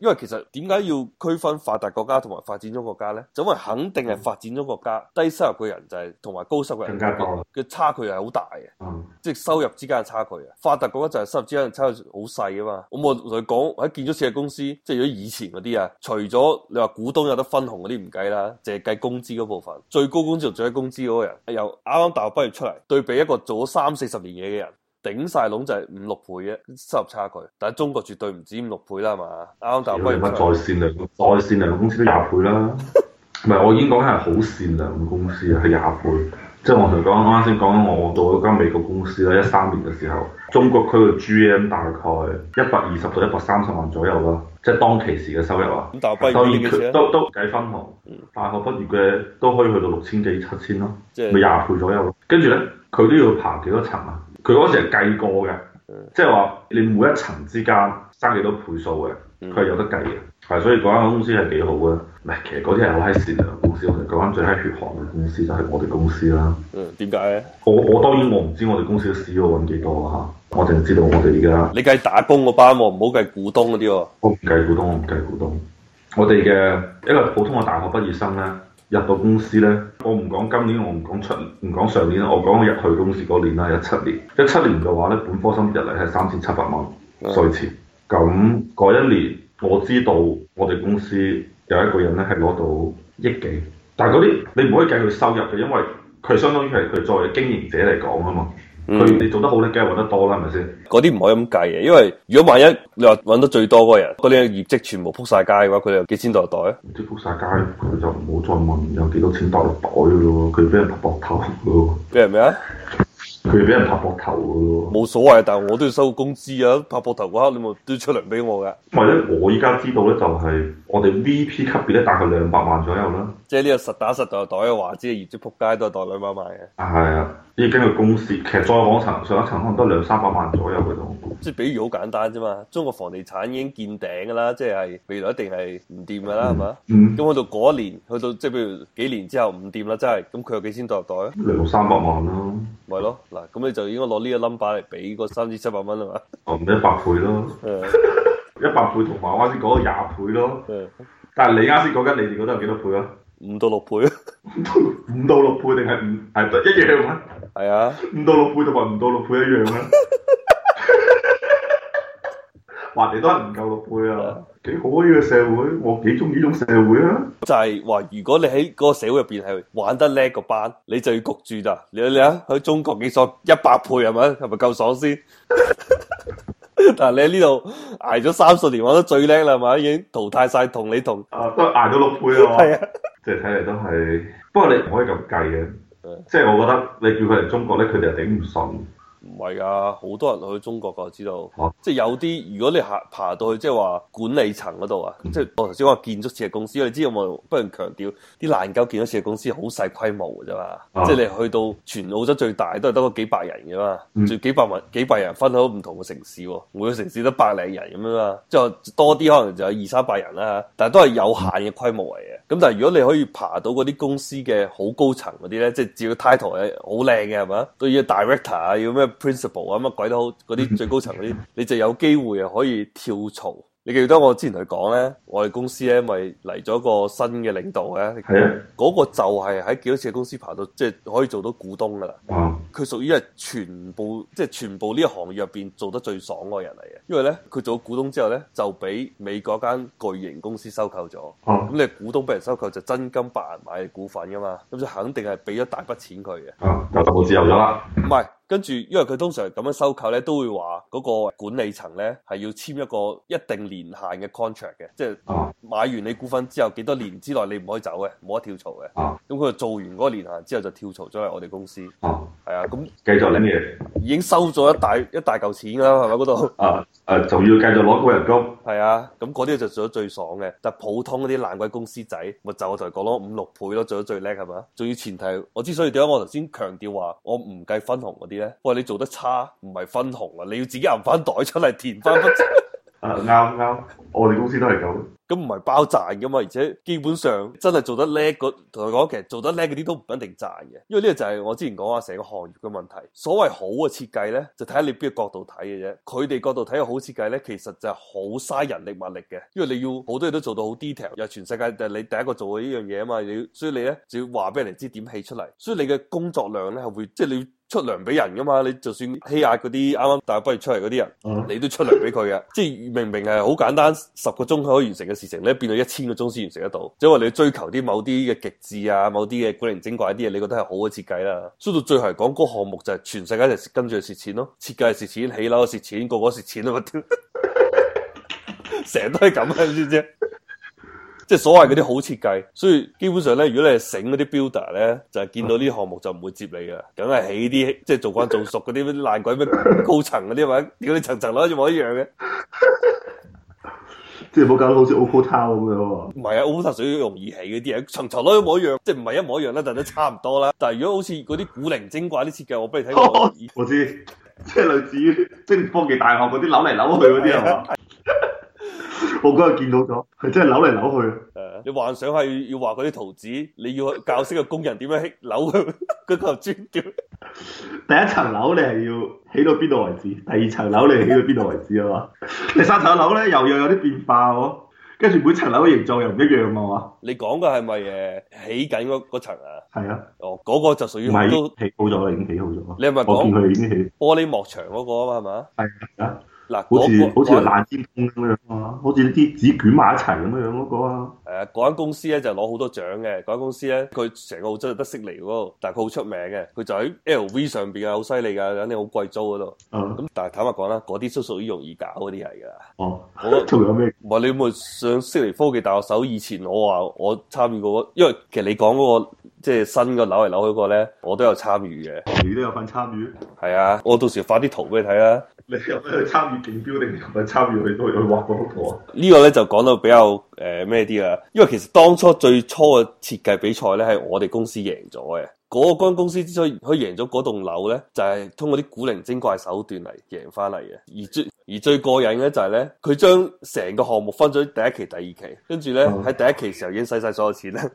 因為其實點解要區分發達國家同埋發展中國家呢？就因為肯定係發展中國家、嗯、低收入嘅人就係同埋高收入人更加多嘅差距係好大嘅，嗯、即係收入之間嘅差距啊！發達國家就係收入之間嘅差距好細啊嘛。咁我同你講喺建築設計公司，即係如果以前嗰啲啊，除咗你話股東有得分紅嗰啲唔計啦，淨係計工資嗰部分，最高工資同最低工資嗰個人，由啱啱大學畢業出嚟，對比一個做咗三四十年嘢嘅人。頂晒籠就係五六倍嘅收入差距。但係中國絕對唔止五六倍啦，係嘛？啱，但係不 再善良再善良嘅公司都廿倍啦。唔係， 我已經講緊係好善良嘅公司啊，係廿倍。即係我同你講，啱啱先講，我，我做咗間美國公司啦，一三年嘅時候，中國區嘅 GM 大概一百二十到一百三十萬左右啦，即係當其時嘅收入啊。大學畢業都都計分紅，大學畢業嘅都可以去到六千幾七千咯，咪廿是倍左右咯。跟住咧，佢都要爬幾多層啊？佢嗰時係計過嘅，即係話你每一層之間差幾多倍數嘅，佢係有得計嘅，係、嗯、所以嗰間公司係幾好嘅。唔係其實嗰啲係好閪善良嘅公司，我哋嗰間最閪血汗嘅公司就係、是、我哋公司啦。嗯，點解咧？我我當然我唔知我哋公司嘅 CEO 揾幾多嚇，我淨係知道我哋而家。你計打工嗰班喎、啊，唔好計股東嗰啲喎。我唔計股東，我唔計股東。我哋嘅一個普通嘅大學畢業生咧。入到公司呢，我唔講今年，我唔講出，唔講上年，我講我入去公司嗰年啦，一七年。一七年嘅話呢，本科生日嚟係三千七百萬稅前。咁嗰嗰一年，我知道我哋公司有一個人呢係攞到億幾，但係嗰啲你唔可以計佢收入嘅，因為佢相當於係佢作為經營者嚟講啊嘛。佢你、嗯、做得好你梗係揾得多啦，係咪先？嗰啲唔可以咁計嘅，因為如果萬一你話揾得最多嗰個人，嗰啲業績全部撲晒街嘅話，佢哋有幾千袋袋啊？唔知撲晒街，佢就唔好再問有幾多錢袋落袋咯，佢俾人拍膊頭咯。咩咩啊？佢俾人拍膊頭嘅，冇所謂，但係我都要收工資啊！拍膊頭嗰刻你咪都要出糧俾我嘅。或者我依家知道咧，就係我哋 V P 級別咧大概兩百萬左右啦。即係呢個實打實袋袋嘅話，知業績撲街都係袋兩百萬嘅。啊係啊，呢個根據公司，其實再往層上一層可能都兩三百萬左右嗰種。即係比喻好簡單啫嘛，中國房地產已經見頂嘅啦，即係，係未來一定係唔掂嘅啦，係嘛？咁去到嗰一年，去到即係譬如幾年之後唔掂啦，真係咁佢有幾錢袋袋啊？兩三百萬囉。咪囉，係囉咁你就應該攞呢個 number 嚟俾個三千七百蚊啊嘛，哦，一百倍咯，一百倍同埋啱先講咗廿倍咯，但係你啱先講緊你哋覺得有幾多倍啊？五到六倍啊，五到六倍定係唔係得一樣啊？係啊，五到六倍同埋五到六倍一樣啊？ 話嚟都係唔夠六倍啊，幾、啊、好啊呢、呢個社會，我幾中意呢種社會啊！就係、係、話，如果你喺嗰個社會入邊係玩得叻個班，你就要焗住咋？你你睇喺中國幾係係爽，一百倍係咪？係咪夠爽先？但係你喺呢度挨咗三十年，玩得最叻啦，係咪？已經淘汰晒同你同啊，都挨到六倍啊！即係睇嚟都係，不過你唔可以咁計嘅，即係、啊、 我覺得你叫佢嚟中國咧，佢哋係頂唔順。唔係啊，好多人去中國噶，我知道？啊、即係有啲，如果你下爬到去，即係話管理層嗰度啊，嗯、即係我頭先話建築設計公司，你知道我唔不斷強調，啲爛鳩建築設計公司好細規模噶啫嘛，啊、即係你去到全澳洲最大都係得個幾百人噶嘛，住、嗯、幾百萬幾百人分喺唔同嘅城市，每個城市得百零人咁樣嘛。即係多啲可能就有二三百人啦，但係都係有限嘅規模嚟。咁但係如果你可以爬到嗰啲公司嘅好高層嗰啲呢，即係只要 title 係好靚嘅係嘛，都要 director 啊，要咩 principal 啊，乜鬼都好，嗰啲最高層嗰啲，你就有機會可以跳槽。你記得我之前同佢講咧，我哋公司咧咪嚟咗個新嘅領導嘅，嗰個就係喺幾多次嘅公司爬到，即係可以做到股東噶啦。佢屬於係全部，即係全部呢一行入邊做得最爽嘅人嚟嘅。因為咧，佢做股東之後咧，就俾美國間巨型公司收購咗。咁你股東俾人收購就真金白銀買股份噶嘛，咁就肯定係俾一大筆錢佢嘅。啊，就好自由咗啦。唔係。跟住，因為佢通常係咁樣收購咧，都會話嗰個管理層咧係要簽一個一定年限嘅 contract 嘅，即係買完你股份之後幾多年之內你唔可以走嘅，冇得跳槽嘅。咁佢就做完嗰個年限之後就跳槽咗嚟我哋公司。係啊，咁繼、啊嗯、續拎嘢，已經收咗一大一大嚿錢啦，係咪嗰度？啊啊、呃，就要繼續攞高人工。係啊，咁嗰啲就做得最爽嘅，就係、普通嗰啲爛鬼公司仔，咪就我同佢講咯，五六倍咯，做得最叻係咪？仲要前提，我之所以點解我頭先強調話我唔計分紅嗰啲。喂，你做得差唔係分紅啊？你要自己揞翻袋出嚟填翻。啊，啱啱，我哋公司都係咁。咁唔係包賺噶嘛？而且基本上真係做得叻嗰，同佢講，其實做得叻嗰啲都唔一定賺嘅。因為呢個就係我之前講話成個行業嘅問題。所謂好嘅設計咧，就睇你邊個角度睇嘅啫。佢哋角度睇好設計咧，其實就係好嘥人力物力嘅。因為你要好多嘢都做到好 detail，又全世界就你第一個做嘅呢樣嘢啊嘛。你要，所以你咧，就要話俾人哋知點起出嚟，所以你嘅工作量咧係會即係你出糧俾人噶嘛？你就算欺壓嗰啲啱啱大學畢業出嚟嗰啲人，嗯、你都出糧俾佢嘅。即係明明係好簡單，十個鐘可以完成嘅事情，咧變到一千個鐘先完成得到。即係話你追求啲某啲嘅極致啊，某啲嘅古靈精怪啲嘢，你覺得係好嘅設計啦。所以到最後講嗰個項目就係全世界就跟住蝕錢咯，設計蝕錢，起樓蝕錢，個個蝕錢啊！嘛。 成日都係咁啊，知唔知？即係所謂嗰啲好設計，所以基本上咧，如果你係醒嗰啲 builder 咧，就係見到呢項目就唔會接你嘅，梗係起啲即係做慣做熟嗰啲爛鬼咩，高層嗰啲，或者屌你層層攞一模一樣嘅， 即係冇搞到好似 Opal Tower 咁樣喎。唔係啊，Opal Tower 最容易起嗰啲啊，層層攞一模一樣，即係唔係一模一樣啦，但都差唔多啦。但係如果好似嗰啲古靈精怪啲設計，我俾你睇過， 我， 我知即係類似於，即係科技大學嗰啲扭嚟扭去嗰啲係嘛？ 我嗰日見到咗，佢真係扭嚟扭去。誒，你幻想下要要畫嗰啲圖紙，你要教識個工人點樣扭佢。嗰嚿磚叫第一層樓，你係要起到邊度為止？第二層樓你起到邊度為止啊嘛？第 三層樓咧又要有啲變化喎，跟住每層樓形狀又唔一樣是是啊嘛？你講嘅係咪誒起緊嗰層啊？係啊，哦，嗰、嗰個就屬於唔係起好咗啦，已經起好咗，你係咪見佢已經起玻璃幕牆嗰個啊、那、嘛、個？係嘛？係啊。好似好似爛紙咁樣，啊那，好似啲紙卷埋一齊咁樣，嗰個啊。嗰間公司咧就攞好多獎嘅，嗰間公司咧佢成個澳洲就得悉尼嗰度，但係佢好出名嘅，佢就喺 LV 上邊啊，好犀利噶，肯定好貴租嘅都。咁但係坦白講啦，嗰啲都屬於容易搞嗰啲係噶。哦，仲有咩？唔係你冇上悉尼科技大學手以前，我話我參與過，因為其實你講嗰個即係新嘅樓嚟樓去嗰個咧，我都有參與嘅。你都有份參與？係啊，我到時發啲圖俾你睇啊。你有咩參與，競標定係參與去去畫嗰個圖啊？呢個咧就講到比較誒咩啲啊？因為其實當初最初嘅設計比賽呢，係我哋公司贏咗嘅。嗰間公司之所以可以贏咗嗰棟樓呢，就係通過啲古靈精怪手段嚟贏翻嚟嘅。而最而最過癮嘅就係呢，佢將成個項目分咗第一期、第二期，跟住呢，喺第一期時候已經使晒所有錢啦。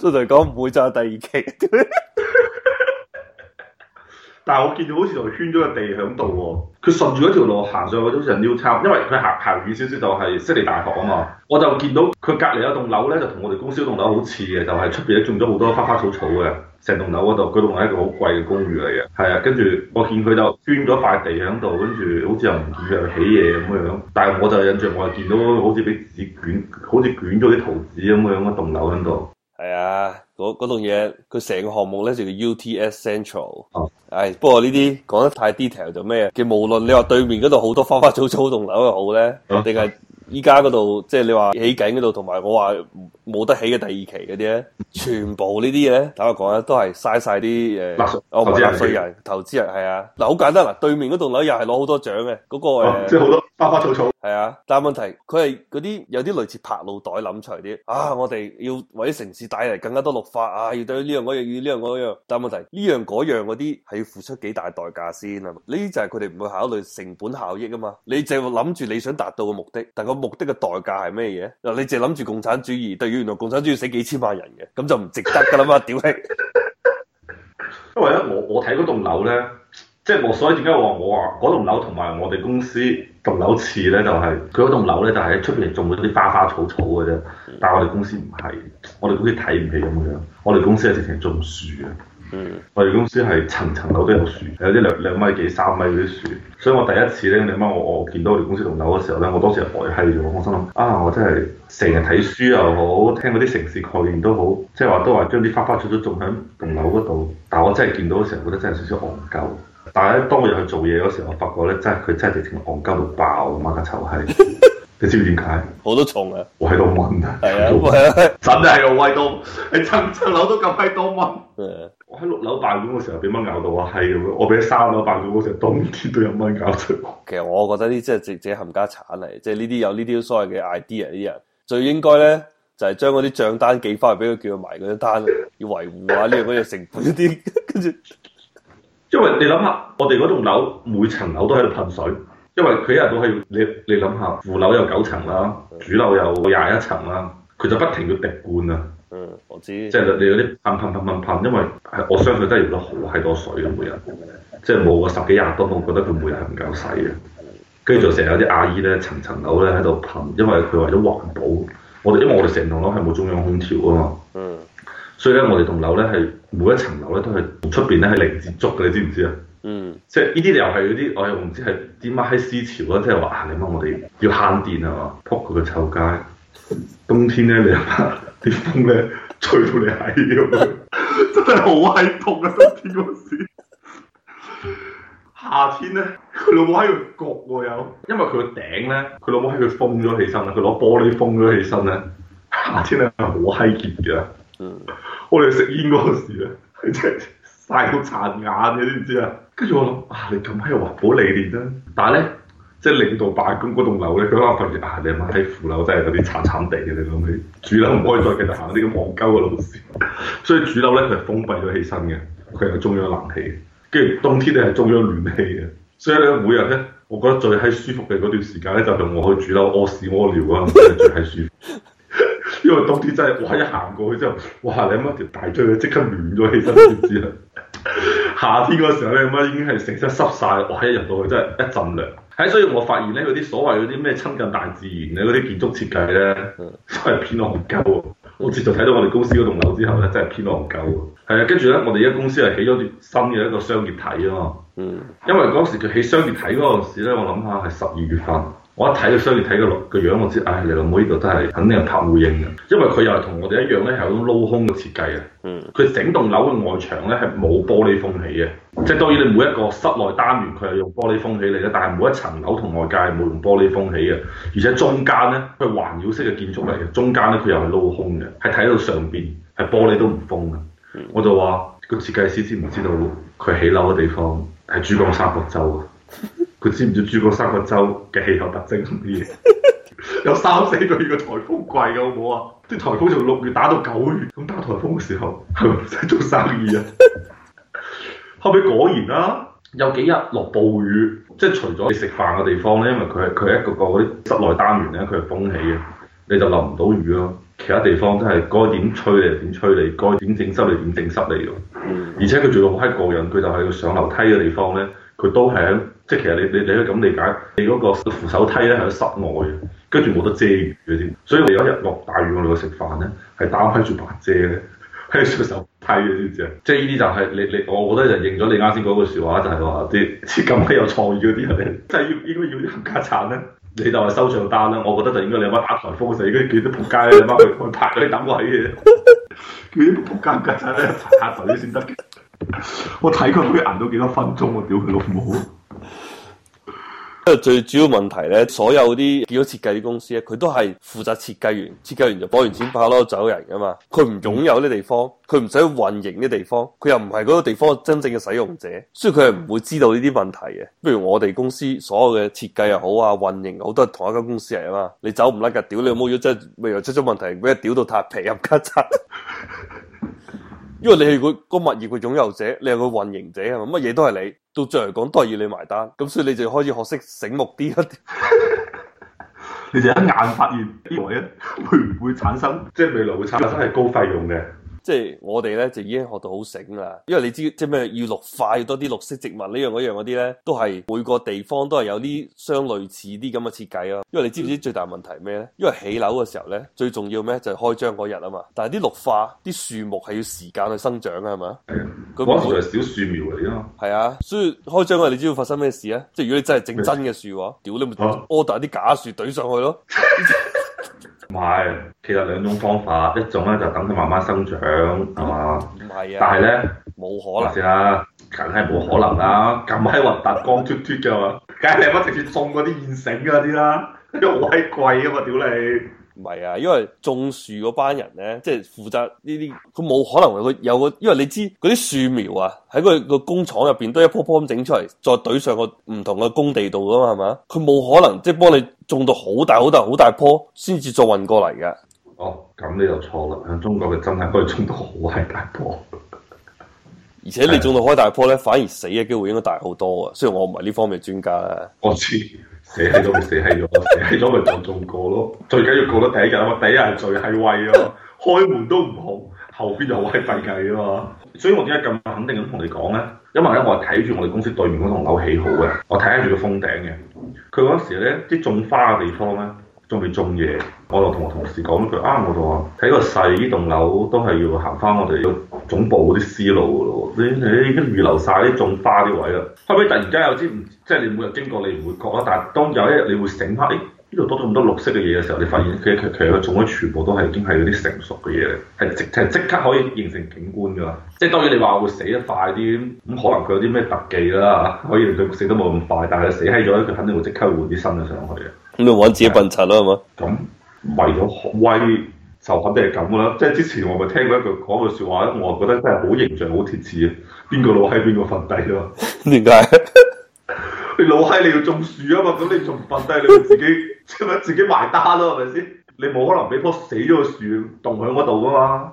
蘇 Sir 講唔會爭第二期。 但係我見到好似仲圈咗個地喺度喎，佢順住嗰條路行上去，好似係 new town，因為佢行行遠少少就係悉尼大學啊嘛。我就見到佢隔離有棟樓咧，就同我哋公司棟樓好似嘅，就係出邊咧種咗好多花花草草嘅，成棟樓嗰度。佢棟樓係一個好貴嘅公寓嚟嘅，係啊。跟住我見佢就圈咗塊地喺度，跟住好似又唔見佢起嘢咁嘅樣。但係我就印象我係見到好似俾紙捲，好似捲咗啲圖紙咁嘅樣一棟樓喺度。係啊，嗰嗰棟嘢，佢成、個項目咧就叫 UTS Central，啊。哦，係，不過呢啲講得太 detail 就咩？佢無論你話對面嗰度好多花花草草棟樓又好咧，定係依家嗰度，即係、就是、你話起緊嗰度，同埋我話。冇得起嘅第二期嗰啲咧，全部呢啲嘢咧，大家講咧，都係嘥晒啲誒，我唔知，納稅人、投資人係人啊。嗱，好簡單啦，對面嗰棟樓又係攞好多獎嘅，嗰、嗰個即係好多花花草草係啊。但問題佢係嗰啲有啲類似拍腦袋諗出嚟啲啊，我哋要為城市帶嚟更加多綠化啊，要對呢樣嗰樣，要呢樣嗰樣，樣，樣。但問題呢樣嗰樣嗰啲係要付出幾大代價先啊？呢啲就係佢哋唔會考慮成本效益啊嘛。你淨係諗住你想達到嘅目的，但個目的嘅代價係咩嘢？嗱，你淨係諗住共產主義，對於原來共產主義死幾千萬人嘅，咁就唔值得噶啦嘛！屌。 因為咧，我我睇嗰棟樓咧，即係我所以點解我話我話嗰棟樓同埋我哋公司棟樓似咧，就係佢嗰棟樓咧就喺出邊種嗰啲花花草草嘅啫，但係我哋公司唔係，我哋公司睇唔起咁樣，我哋公司係直情種樹啊。嗯、我哋公司係層層樓都有樹，有啲兩兩米幾、三米嗰啲樹，所以我第一次咧，你阿媽我我見到我哋公司棟樓嘅時候咧，我當時就呆閪咗，我心諗啊，我真係成日睇書又好，聽嗰啲城市概念都好，即係話都話將啲花花草草種喺棟樓嗰度，但係我真係見到嘅時候覺得真係少少戇鳩。但係咧，當我入去做嘢嗰時候，我發覺咧，真係佢真係直情戇鳩到爆我的媽的，抹架臭閪。你知唔知點解？好多蟲啊！我喺度蚊啊！係啊，真係啊，威到喺層層樓都咁閪多蚊。嗯， 我喺六樓辦公嘅時候，點樣咬到、啊、我閪我喺三樓辦公嘅時候，冬天都有蚊咬出嚟。其實我覺得呢，即係直直接冚家鏟嚟，即係呢啲有呢啲所謂嘅 idea 啲人，最應該咧就係將嗰啲賬單寄翻去俾佢，叫佢埋嗰張單，要維護嘅呢樣嘢成本一啲。跟住，因為你諗下，我哋嗰棟樓每層樓都喺度噴水。因為佢一日到係你，你諗下副樓有九層啦，的主樓有廿一層啦，佢就不停要滴灌啊。嗯，我知道。即係、就是、你你嗰啲噴噴噴噴噴，因為我相信佢都要用好閪多水嘅每日，即係冇個十幾廿噸，我覺得佢每日係唔夠洗嘅。跟住就成日有啲阿姨咧，層層樓咧喺度噴，因為佢為咗環保，我哋因為我哋成棟樓係冇中央空調啊嘛。的所以咧，我哋棟樓咧每一層樓咧都係出面咧係零接觸嘅，你知唔知啊？嗯，即係呢啲又係嗰啲，我又唔知係點解。喺思潮啦，即係話你乜我哋要慳電啊嘛，撲佢個臭街。冬天咧，你又怕啲風咧吹到你係咁， 真係好閪痛啊！冬 天嗰時、啊，夏天咧，佢老母喺度焗喎又，因為佢個頂咧，佢老母喺佢封咗起身啦，佢攞玻璃封咗起身咧。夏天咧，好閪熱噶，我哋食煙嗰陣時啊，真係曬到殘眼，你知唔知啊？跟住我諗，啊，你咁閪環保理念啦，啊！但係咧，即係領導辦公嗰棟樓咧，佢可能突然，啊，你阿媽喺副樓真係有啲慘慘地嘅，你諗起主樓唔可以再繼續行嗰啲咁戇鳩嘅路線， 所以主樓咧就封閉咗起身嘅，佢有中央冷氣，跟住冬天咧係中央暖氣嘅，所以咧每日咧，我覺得最喺舒服嘅嗰段時間咧，就係我去主樓屙屎屙尿啊，最喺舒服， 因為冬天真係我一行過去之後，哇，你阿媽條大腿，咧即刻暖咗起身先知啦。 夏天嗰時候咧，咁已經係成身濕曬，哇！一入到去真係一陣涼，所以我發現呢，嗰啲所謂嗰啲咩親近大自然咧，嗰啲建築設計咧，都係的偏戇鳩。我自從睇到我哋公司嗰棟樓之後咧，真係偏戇鳩。係啊，跟住呢，我哋而家公司係起咗啲新嘅一個商業體啊。嗯。因為嗰時佢起商業體嗰陣時咧，我諗下係十二月份。我一睇個商業體個樣，我知唉，你、哎、老母依度都係肯定係拍烏蠅嘅，因為佢又係同我哋一樣咧，係嗰種撈空嘅設計啊。佢整棟樓嘅外牆咧係冇玻璃封起嘅，即當然你每一個室內單元佢係用玻璃封起嚟咧，但係每一層樓同外界係冇用玻璃封起嘅，而且中間咧佢係環繞式嘅建築嚟嘅，中間呢，佢又係撈空嘅，係睇到上面，係玻璃都唔封嘅。我就話、嗰個設計師知唔知道佢起樓嘅地方係珠江三角洲。佢知唔知珠江三角洲嘅氣候特徵啲嘢？ 有三四個月嘅颱風季嘅好冇啊！啲颱風從六月打到九月，咁打颱風嘅時候係咪唔使做生意啊？後尾 果然啦、啊，有幾日落暴雨，即係除咗你食飯嘅地方咧，因為佢係佢一個個嗰啲室內單元咧，佢係封起嘅，你就淋唔到雨咯。其他地方真係該點吹你就點吹你，該、那個、點整濕你就點整濕你咯。而且佢做到好閪過癮，佢就喺個上樓梯嘅地方咧。佢都係喺，即其實你你你可以咁理解，你嗰個扶手梯咧喺室外的，跟住冇得遮雨嘅，所以我而家日落大雨，我哋去食飯咧，係擔起住把遮咧，係、嗯、住手梯嘅啲嘢。即呢啲就係、是、你你，我覺得就應咗你啱先講句説話，就係話啲啲咁鬼有創意嗰啲人咧，真係要應該要啲家產咧。你就話收張單啦，我覺得就應該你阿媽打颱風死，應該幾多仆街、啊、你阿媽去，去，去，去，等我去 拍咗啲膽鬼嘅，幾多仆街家產咧？嚇！突然之間。我睇佢可以捱到幾多分鐘、啊？我屌佢老母！因為 最主要問題呢，所有啲建築設計啲公司咧，佢都係負責設計完，設計完就攞完錢拍咯，走人噶嘛。佢唔擁有啲地方，佢唔使運營啲地方，佢又唔係嗰個地方真正嘅使用者，所以佢係唔會知道呢啲問題嘅。譬如我哋公司所有嘅設計又好啊，運營好都係同一間公司嚟啊嘛。你走唔甩噶，屌你老母！真係未又出咗問題？俾人屌到太皮入咔嚓。 因為你係個物業嘅擁有者，你係個運營者係嘛，乜嘢都係你，到最後講都係要你埋單，咁所以你就開始學識醒目啲一啲， 你就一眼發現呢個啊會唔會產生，即係未來會產生係高費用嘅。即係我哋咧就已經學到好醒啦，因為你知即係咩要綠化要多啲綠色植物呢樣嗰樣嗰啲咧，都係每個地方都係有啲相類似啲咁嘅設計咯。因為你知唔知最大問題咩咧？因為起樓嘅時候咧最重要咩？就係開張嗰日啊嘛。但係啲綠化啲樹木係要時間去生長嘅係嘛？係嗰陣時係小樹苗嚟啊嘛。係啊，所以開張嗰日你知道發生咩事啊？即係如果你真係整真嘅樹話，屌的你咪 order 啲、啊、假樹堆上去咯。 唔係，其實兩種方法，一種咧，就等佢慢慢生長，係嘛？唔係啊、但係咧冇可能，嗱，試下，梗係冇可能啦、啊，咁閪核突，光禿禿嘅嘛，梗係你乜直接種嗰啲現成嘅啲啦，因為好閪貴啊嘛，屌你！唔係啊，因為種樹嗰班人咧，即係負責呢啲，佢冇可能佢有個，因為你知嗰啲樹苗啊，喺佢個工廠入邊都一棵棵咁整出嚟，再懟上個唔同嘅工地度噶嘛，係嘛？佢冇可能即係幫你種到好大好大好大大棵，先至再運過嚟嘅。哦，咁你就錯啦！喺中國嘅真係可以種到好大棵，而且你種到好大棵咧，反而死嘅機會應該大好多啊！雖然我唔係呢方面專家啊。我知。死氣咗咪死氣咗，死氣咗咪仲做唔過咯？最緊要過到第一日啊，第一日最係胃啊，開門都唔好，後邊又係費計啊嘛。所以我點解咁肯定咁同你講呢？因為我係睇住我哋公司對面嗰棟樓起好嘅，我睇緊住佢封頂嘅。佢嗰時咧啲種花嘅地方咧，仲未種嘢，我就同我同事講一句啊！我就話睇個細依棟樓都係要行翻我哋個總部嗰啲思路嘅你、哎、已經預留曬啲種花啲位啦。後屘突然間有啲唔，即係你每日經過你唔會覺啦，但係當有一日你會醒翻，誒呢度多咗咁多綠色嘅嘢嘅時候，你發現佢佢佢種嘅全部都係已經係嗰啲成熟嘅嘢，係即係即刻可以形成景觀㗎。即當然你話會死得快啲，咁可能佢有啲咩特技啦，可以令佢死得冇咁快。但係死閪咗，佢肯定會即刻換啲新嘅上去。你你搵自己笨柒啦，係嘛？咁為咗學威肯就肯定係咁啦。即係之前我咪聽過一句講句說話，我啊覺得真係好形象，好貼切啊！邊個老嗨邊個瞓低咯？點解？你老嗨你要種樹啊嘛？咁你仲瞓低，你就自己 自己埋單咯，係咪先？你冇可能俾棵死咗嘅樹種喺嗰度㗎嘛？